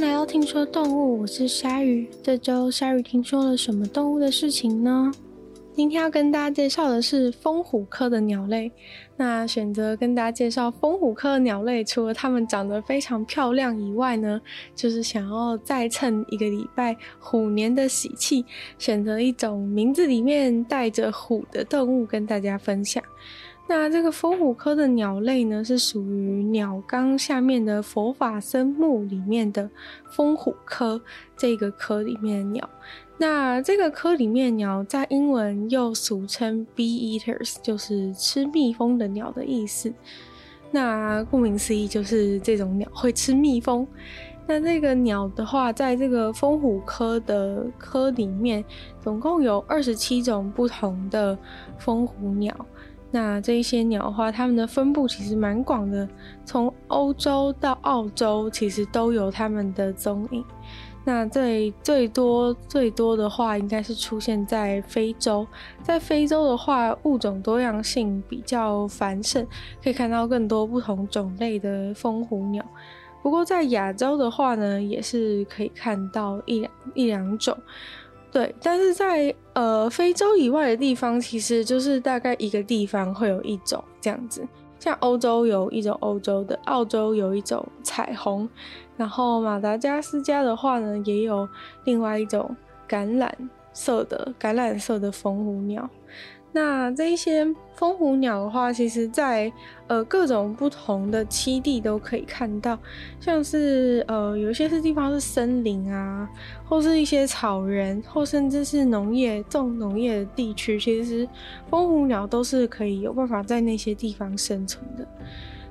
來到聽說動物，我是鯊魚。這周鯊魚聽說了什麼動物的事情呢？今天要跟大家介紹的是蜂虎科的鳥類。那選擇跟大家介紹蜂虎科的鳥類，除了它們長得非常漂亮以外呢，就是想要再趁一個禮拜虎年的喜氣，選擇一種名字裡面帶着虎的動物跟大家分享。那這個蜂虎科的鳥類呢，是屬於鳥綱下面的佛法僧目裡面的蜂虎科這個科裡面的鳥。那這個科裡面的鳥在英文又俗稱 Bee Eaters，就是吃蜜蜂的鳥的意思。那顧名思義，就是這種鳥會吃蜜蜂。那這個鳥的話，在這個蜂虎科的科裡面，總共有二十七種不同的蜂虎鳥。那這一些鳥的話，它們的分布其實蠻廣的，從歐洲到澳洲，其實都有它們的蹤影。那最最多最多的話，應該是出現在非洲。在非洲的話，物種多樣性比較繁盛，可以看到更多不同種類的蜂虎鳥。不過在亞洲的話呢，也是可以看到一兩一兩種。對，但是在呃非洲以外的地方，其實就是大概一個地方會有一種這樣子，像歐洲有一種歐洲的，澳洲有一種彩虹，然後馬達加斯加的話呢，也有另外一種橄欖色的橄欖色的蜂虎鳥。那這一些風虎鳥的話，其實在呃各種不同的棲地都可以看到，像是呃有些是地方是森林啊，或是一些草原，或甚至是農業種農業的地區，其實風虎鳥都是可以有辦法在那些地方生存的。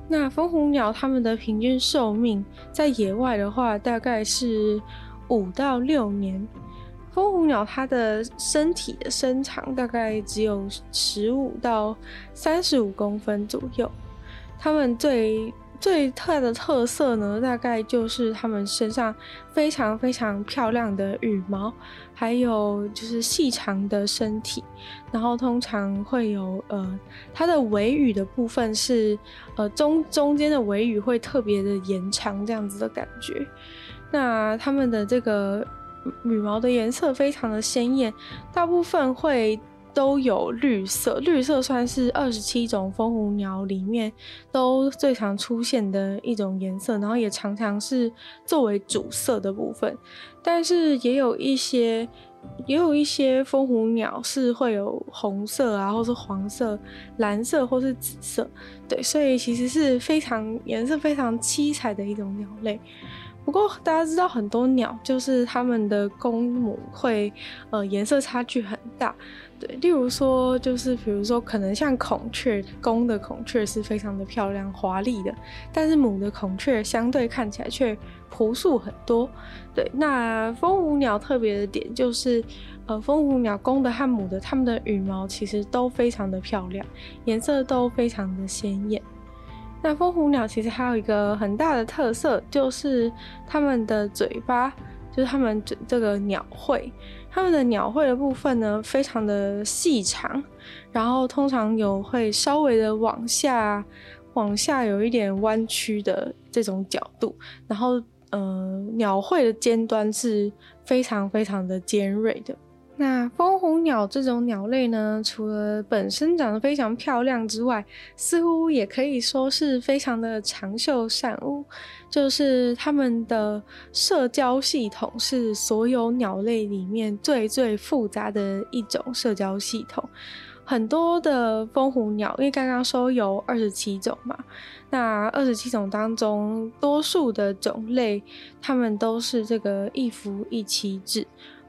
那風虎鳥它們的平均壽命在野外的話，大概是五到六年。蜂虎鳥，它的身體的身長大概只有十五到三十五公分左右。它們最最特的特色呢，大概就是它們身上非常非常漂亮的羽毛，還有就是細長的身體。然後通常會有呃，它的尾羽的部分是呃中中間的尾羽會特別的延長，這樣子的感覺。那它們的這個。羽毛的顏色非常的鮮艷，大部分會都有綠色，綠色算是二十七種蜂虎鳥裡面都最常出現的一種顏色，然後也常常是作為主色的部分。但是也有一些，也有一些蜂虎鳥是會有紅色啊，或是黃色、藍色或是紫色，對，所以其實是非常，顏色非常七彩的一種鳥類。不過大家知道很多鳥，就是它們的公母會，呃，顏色差距很大。對，例如說，就是比如說，可能像孔雀，公的孔雀是非常的漂亮、華麗的，但是母的孔雀相對看起來卻樸素很多。對，那蜂虎鳥特別的點就是，呃，蜂虎鳥公的和母的，它們的羽毛其實都非常的漂亮，顏色都非常的鮮豔。那蜂虎鳥其實還有一個很大的特色，就是它們的嘴巴，就是它們這這個鳥喙，它們的鳥喙的部分呢，非常的細長，然後通常有會稍微的往下，往下有一點彎曲的這種角度，然後，呃，鳥喙的尖端是非常非常的尖銳的。那蜂虎鳥這種鳥類呢，除了本身長得非常漂亮之外，似乎也可以說是非常的長袖善舞，就是它們的社交系統是所有鳥類裡面最最複雜的一種社交系統。很多的蜂虎鳥，因為剛剛說有二十七種嘛，那二十七種當中，多數的種類，它們都是這個一夫一妻制。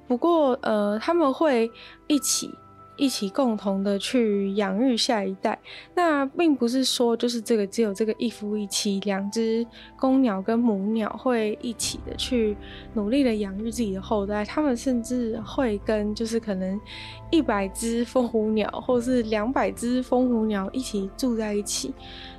不過，呃，他們會一起、一起共同的去養育下一代。那並不是說就是這個只有這個一夫一妻，兩隻公鳥跟母鳥會一起的去努力的養育自己的後代。他們甚至會跟就是可能一百隻蜂虎鳥或是兩百隻蜂虎鳥一起住在一起。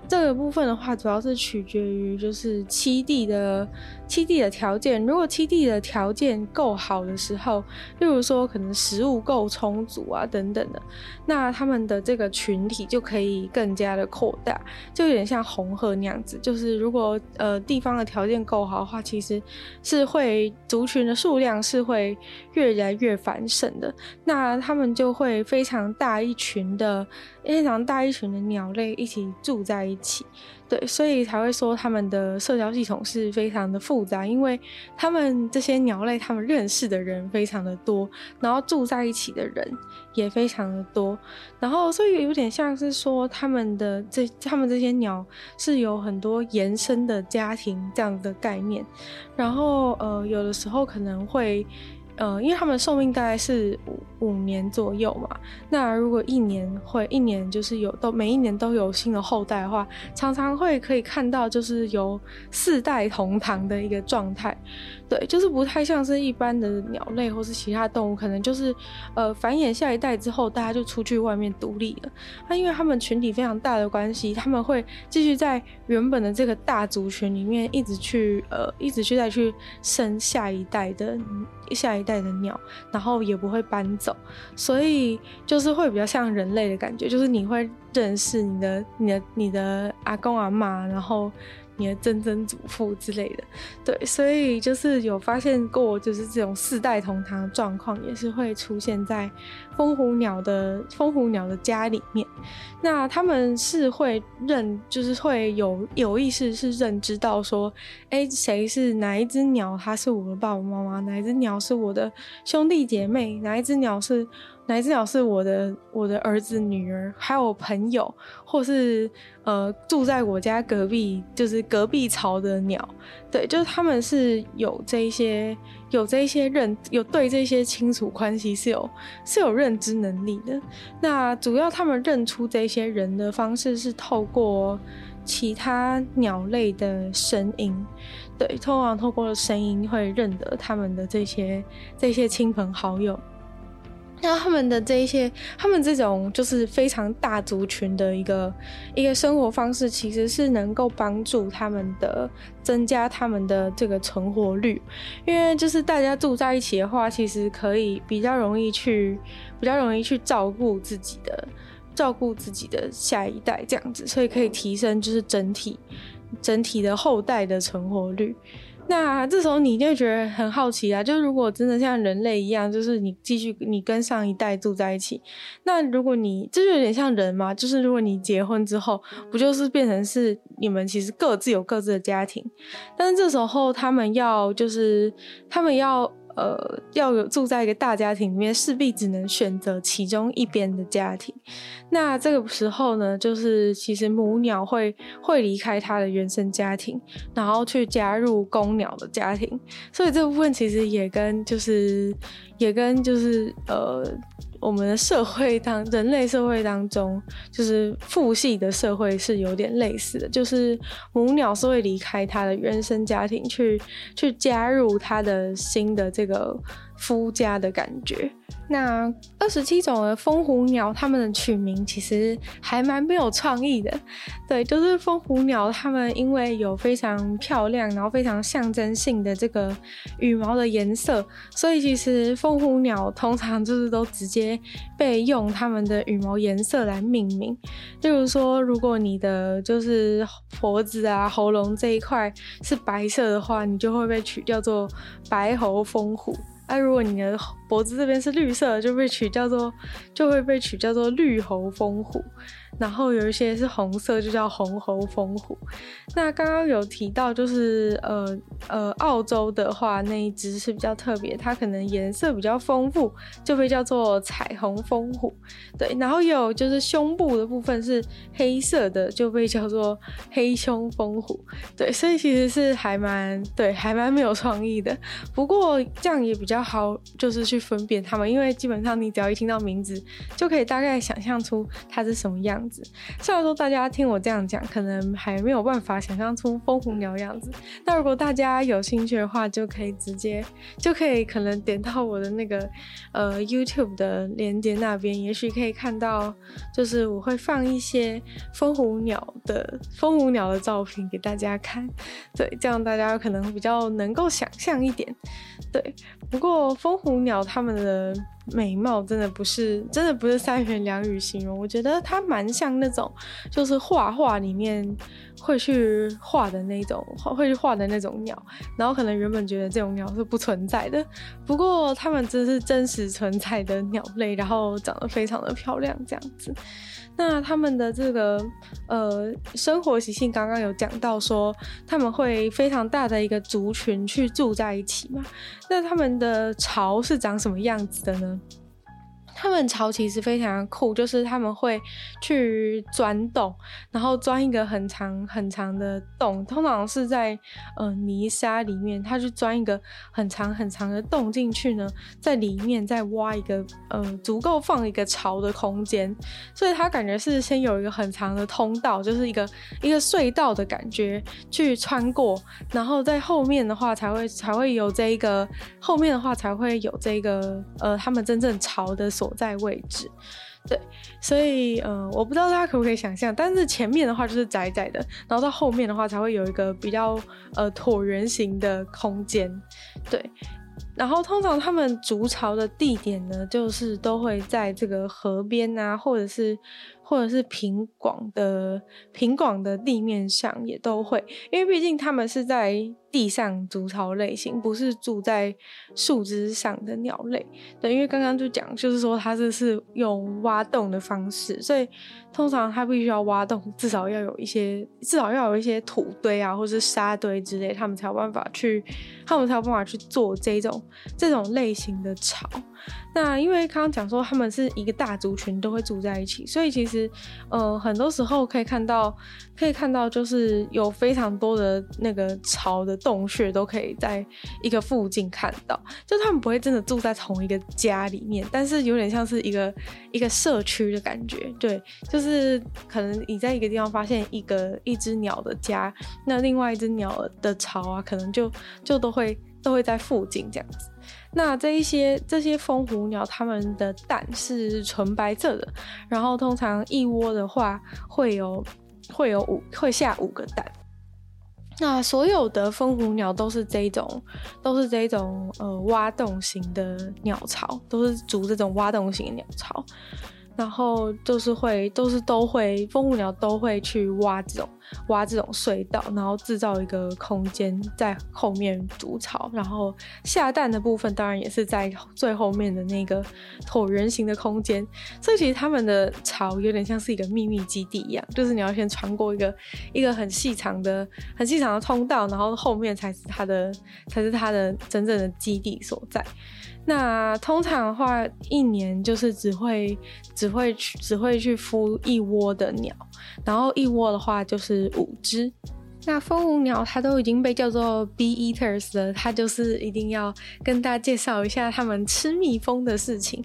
這個部分的話，主要是取決於就是棲地的、棲地的條件。如果棲地的條件夠好的時候，例如說可能食物夠充足啊等等的，那他們的這個群體就可以更加的擴大，就有點像紅鶴那樣子。就是如果呃地方的條件夠好的話，其實是會族群的數量是會越來越繁盛的。那他們就會非常大一群的。非常大一群的鳥類一起住在一起，對，所以才會說他們的社交系統是非常的複雜，因為他們這些鳥類，他們認識的人非常的多，然後住在一起的人也非常的多，然後所以有點像是說他們的這他們這些鳥是有很多延伸的家庭這樣的概念，然後呃，有的時候可能會。呃，因為它們壽命大概是五五年左右嘛，那如果一年會一年，就是有都每一年都有新的後代的話，常常會可以看到就是有四代同堂的一個狀態，對，就是不太像是一般的鳥類或是其他動物，可能就是呃繁衍下一代之後，大家就出去外面獨立了。那因為他們群體非常大的關係，他們會繼續在原本的這個大族群裡面一直去呃一直去再去生下一代的下一代。帶着鳥，然後也不會搬走，所以就是會比較像人類的感覺，就是你會認識你的、你的、你的阿公阿嬤，然後。你的曾曾祖父之類的，對，所以就是有發現過，就是這種四代同堂的狀況，也是會出現在蜂虎鳥的蜂虎鳥的家裡面。那他們是會認，就是會有有意識是認知到說，哎、欸，誰是哪一隻鳥？他是我的爸爸媽媽，哪一隻鳥是我的兄弟姐妹，哪一隻鳥是。哪隻鳥是我的我的兒子、女兒，還有我朋友，或是呃住在我家隔壁，就是隔壁巢的鳥。對，就是他們是有這些有這些認有對這些親屬關係是有是有認知能力的。那主要他們認出這些人的方式是透過其他鳥類的聲音，對，通常透過聲音會認得他們的這些這些親朋好友。那他們的這一些，他們這種就是非常大族群的一個一個生活方式，其實是能夠幫助他們的增加他們的這個存活率，因為就是大家住在一起的話，其實可以比較容易去比較容易去照顧自己的照顧自己的下一代這樣子，所以可以提升就是整體整體的後代的存活率。那這時候你就會覺得很好奇啊，就是如果真的像人類一樣，就是你繼續你跟上一代住在一起，那如果你這就有點像人嘛，就是如果你結婚之後，不就是變成是你們其實各自有各自的家庭，但是這時候他們要就是他們要。呃，要有住在一個大家庭裡面，勢必只能選擇其中一邊的家庭。那這個時候呢，就是其實母鳥會會離開它的原生家庭，然後去加入公鳥的家庭。所以這部分其實也跟就是，也跟就是呃。我們的社會當人類社會當中，就是父系的社會是有點類似的，就是母鳥是會離開它的原生家庭去，去去加入它的新的這個。夫家的感覺。那二十七種的風虎鳥，它們的取名其實還蠻沒有創意的。對，就是風虎鳥，它們因為有非常漂亮，然後非常象徵性的這個羽毛的顏色，所以其實風虎鳥通常就是都直接被用它們的羽毛顏色來命名。例如說，如果你的就是脖子啊、喉嚨這一塊是白色的話，你就會被取叫做白喉風虎。哎、啊，如果你的脖子這邊是綠色，就被取叫做，就會被取叫做綠喉蜂虎。然後有一些是紅色，就叫紅喉蜂虎。那剛剛有提到，就是呃呃，澳洲的話，那一只是比較特別，它可能顏色比較豐富，就被叫做彩虹蜂虎。對，然後有就是胸部的部分是黑色的，就被叫做黑胸蜂虎。對，所以其實是還蠻對，還蠻沒有創意的。不過這樣也比較好，就是去分辨它們，因為基本上你只要一聽到名字，就可以大概想象出它是什麼樣。樣子，雖然說大家聽我這樣講，可能還沒有辦法想象出蜂虎鳥樣子，那如果大家有興趣的話，就可以直接就可以可能點到我的那個呃 YouTube 的連結那邊，也許可以看到，就是我會放一些蜂虎鳥的蜂虎鳥的照片給大家看，對，這樣大家可能比較能夠想象一點，對，不過蜂虎鳥他們的。美貌真的不是，真的不是三言兩語形容。我覺得它蠻像那種，就是畫畫裡面會去畫的那種，會去畫的那種鳥。然後可能原本覺得這種鳥是不存在的，不過它們真是真實存在的鳥類，然後長得非常的漂亮，這樣子。那他們的這個呃生活習性，剛剛有講到說他們會非常大的一個族群去住在一起嘛。那他們的巢是長什麼樣子的呢？他們巢其實非常的酷，就是他們會去鑽洞，然後鑽一個很長很長的洞，通常是在呃泥沙裡面，他去鑽一個很長很長的洞進去呢，在裡面再挖一個呃足夠放一個巢的空間，所以他感覺是先有一個很長的通道，就是一個一個隧道的感覺去穿過，然後在後面的話才會才會有這一個，後面的話才會有這一個呃他們真正巢的所所在位置，對，所以呃，我不知道大家可不可以想象，但是前面的話就是窄窄的，然後到後面的話才會有一個比較呃橢圓形的空間，對，然後通常他們築巢的地點呢，就是都會在這個河邊啊，或者是或者是平廣的平廣的地面上也都會，因為畢竟他們是在。地上築巢類型，不是住在樹枝上的鳥類，對，因為剛剛就講，就是說它這是用挖洞的方式，所以通常它必須要挖洞，至少要有一些，至少要有一些土堆啊，或者是沙堆之類，他們才有辦法去，他們才有辦法去做這種這種類型的巢。那因為剛剛講說，他們是一個大族群都會住在一起，所以其實，嗯、呃，很多時候可以看到，可以看到就是有非常多的那個巢的，洞穴都可以在一個附近看到，就他們不會真的住在同一個家裡面，但是有點像是一個一個社區的感覺。對，就是可能你在一個地方發現一個一只鳥的家，那另外一只鳥的巢啊，可能就就都會都會在附近這樣子。那這一些這些蜂虎鳥，它們的蛋是純白色的，然後通常一窩的話會有會有五會下五個蛋。那所有的蜂虎鳥都是這一種，都是這種呃挖洞型的鳥巢，都是築這種挖洞型的鳥巢。然後就是會，都是都會，蜂虎鳥都會去挖這種挖這種隧道，然後制造一個空間在後面築巢，然後下蛋的部分當然也是在最後面的那個橢圓形的空間。所以其實他們的巢有點像是一個秘密基地一樣，就是你要先穿過一個一個很細長的、很細長的通道，然後後面才是它的，才是它的真正的基地所在。那通常的話，一年就是只會只會，只會去只會去孵一窩的鳥，然後一窩的話就是五隻。那蜂虎鳥它都已經被叫做 bee eaters 了，它就是一定要跟大家介紹一下他們吃蜜蜂的事情。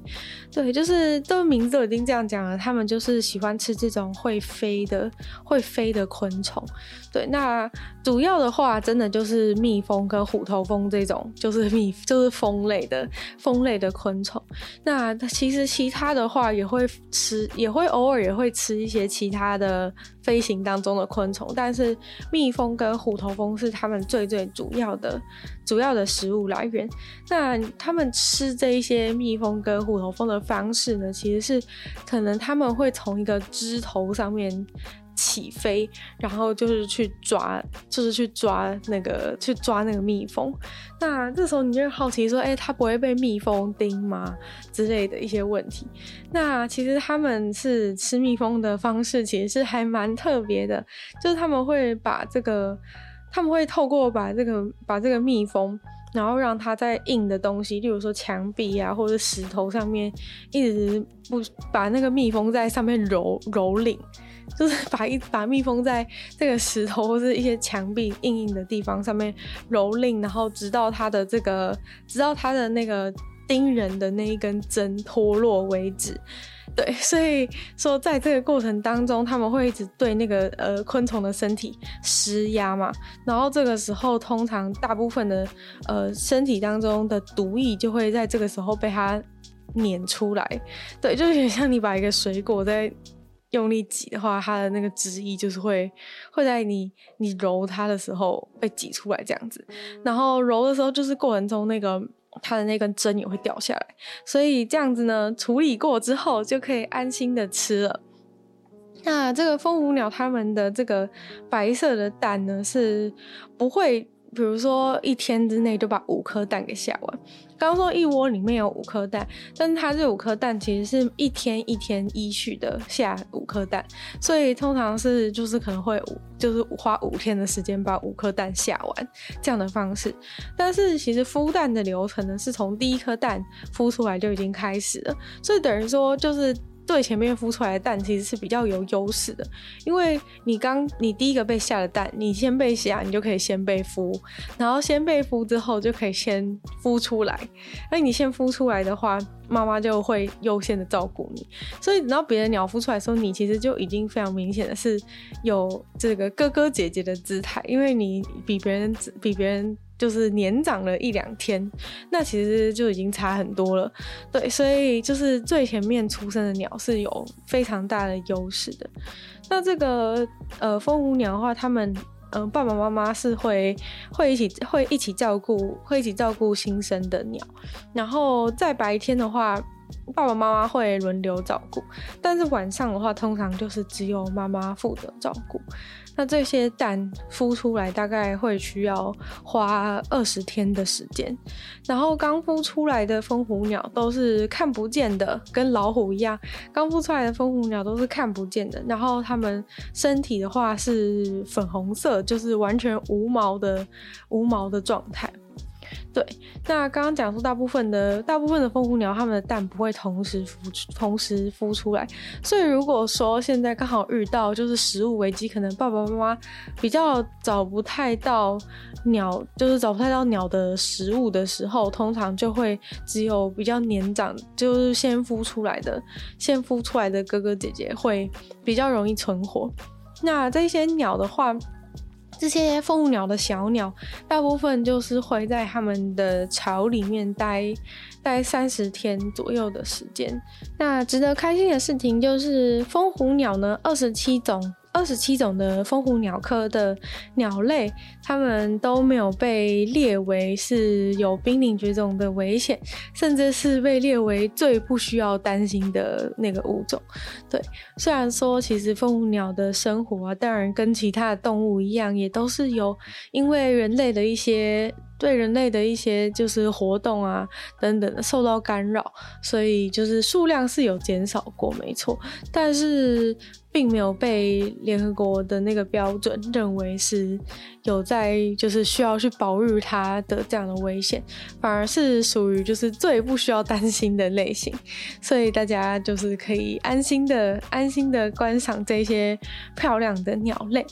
對，就是這名字已經這樣講了，他們就是喜歡吃這種會飛的、會飛的昆蟲。對，那主要的話，真的就是蜜蜂跟虎頭蜂這種，就是蜜，就是蜂類的蜂類的昆蟲。那其實其他的話也會吃，也會偶爾也會吃一些其他的。飛行當中的昆蟲，但是蜜蜂跟虎頭蜂是它們最最主要的主要的食物來源。那它們吃這一些蜜蜂跟虎頭蜂的方式呢，其實是可能他們會從一個枝頭上面。起飛，然後就是去抓，就是去抓那個，去抓那個蜜蜂。那這時候你就好奇說：“欸，它不會被蜜蜂叮嗎？”之類的一些問題。那其實他們是吃蜜蜂的方式，其實是還蠻特別的，就是他們會把這個，他們會透過把這個，把這個蜜蜂。然後讓它在硬的東西，例如說牆壁啊，或者是石頭上面，一直不把那個蜜蜂在上面蹂蹂躪，就是把一把蜜蜂在這個石頭或者是一些牆壁硬硬的地方上面蹂躪，然後直到它的這個，直到它的那個叮人的那一根針脫落為止。對，所以說，在這個過程當中，他們會一直對那個呃昆蟲的身體施壓嘛，然後這個時候，通常大部分的呃身體當中的毒液就會在這個時候被它碾出來。對，就是像你把一個水果在用力擠的話，它的那個汁液就是會會在你你揉它的時候被擠出來這樣子，然後揉的時候就是過程中那個。它的那根針也會掉下來，所以這樣子呢，處理過之後就可以安心的吃了。那這個蜂虎鳥它們的這個白色的蛋呢，是不會，比如說一天之內就把五顆蛋給下完。剛說一窩裡面有五顆蛋，但是它這五顆蛋其實是一天一天依序的下五顆蛋，所以通常是就是可能會就是花五天的時間把五顆蛋下完這樣的方式。但是其實孵蛋的流程呢，是從第一顆蛋孵出來就已經開始了，所以等於說就是。對，前面孵出來的蛋其實是比較有優勢的，因為你剛你第一個被下了蛋，你先被下，你就可以先被孵，然後先被孵之後就可以先孵出來。那你先孵出來的話，媽媽就會優先的照顧你，所以等到別的鳥孵出來的時候，你其實就已經非常明顯的是有這個哥哥姐姐的姿態，因為你比別人比別人。就是年長了一兩天，那其實就已經差很多了。對，所以就是最前面出生的鳥是有非常大的優勢的。那這個呃，蜂虎鳥的話，他們嗯、呃、爸爸媽媽是會會一起會一起照顧，會一起照顧新生的鳥。然後在白天的話。爸爸媽媽會輪流照顧，但是晚上的話，通常就是只有媽媽負責照顧。那這些蛋孵出來大概會需要花二十天的時間。然後剛孵出來的蜂虎鳥都是看不見的，跟老虎一樣。剛孵出來的蜂虎鳥都是看不見的。然後它們身體的話是粉紅色，就是完全無毛的無毛的狀態。對，那剛剛講說，大部分的大部分的蜂虎鳥，它們的蛋不會同時孵出，同時孵出來。所以如果說現在剛好遇到就是食物危機，可能爸爸媽媽比較找不太到鳥，就是找不太到鳥的食物的時候，通常就會只有比較年長，就是先孵出來的，先孵出來的哥哥姐姐會比較容易存活。那這些鳥的話。這些蜂虎鳥的小鳥，大部分就是會在他們的巢裡面待待三十天左右的時間。那值得開心的事情就是，蜂虎鳥呢，二十七種。二十七種的風虎鳥科的鳥類，它們都沒有被列為是有瀕臨絕種的危險，甚至是被列為最不需要擔心的那個物種。對，雖然說其實風虎鳥的生活啊，當然跟其他的動物一樣，也都是有因為人類的一些。對人類的一些就是活動啊等等的受到干擾，所以就是數量是有減少過，沒錯，但是並沒有被聯合國的那個標準認為是有在就是需要去保育它的這樣的危險，反而是屬於就是最不需要擔心的類型，所以大家就是可以安心的安心的觀賞這些漂亮的鳥類。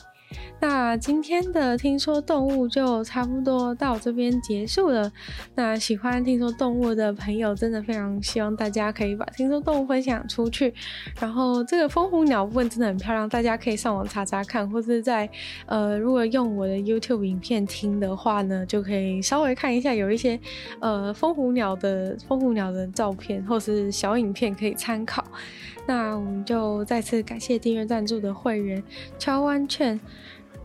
那今天的聽說動物就差不多到這邊結束了。那喜歡聽說動物的朋友，真的非常希望大家可以把聽說動物分享出去。然後這個蜂虎鳥部分真的很漂亮，大家可以上網查查看，或是在呃，如果用我的 YouTube 影片聽的話呢，就可以稍微看一下有一些呃蜂虎鳥的蜂虎鳥的照片或是小影片可以參考。那我們就再次感謝訂閱贊助的會員：超萬券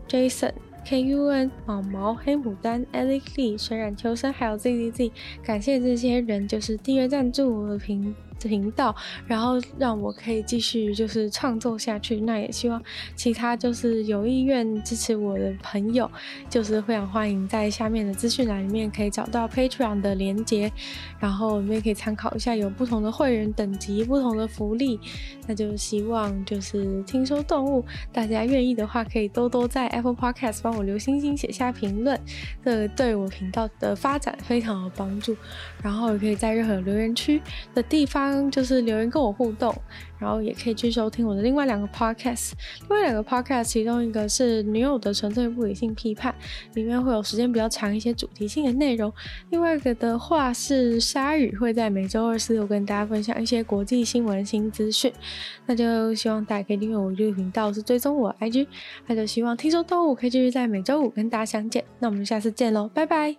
Jason、K、Kun、毛毛、黑牡丹、Ellie、K、水染、秋生，還有 Zzz。感謝這些人，就是訂閱贊助的平。頻道，然後讓我可以繼續就是創作下去。那也希望其他就是有意願支持我的朋友，就是非常歡迎在下面的資訊欄裡面可以找到 Patreon 的連接，然後你們也可以參考一下，有不同的會員等級，不同的福利。那就希望就是聽說動物，大家願意的話，可以多多在 Apple Podcast 幫我留星星，寫下評論，這對我頻道的發展非常有幫助。然後也可以在任何留言區的地方。就是留言跟我互動，然後也可以去收聽我的另外兩個 podcast。另外兩個 podcast，其中一個是女友的純粹不理性批判，裡面會有時間比較長一些主題性的內容；另外一個的話是鯊語，會在每週二、四，我跟大家分享一些國際新聞、新資訊。那就希望大家可以訂閱我的頻道，是追蹤我的 IG。那就希望聽說動物可以繼續在每週五跟大家相見。那我們下次見嘍，拜拜。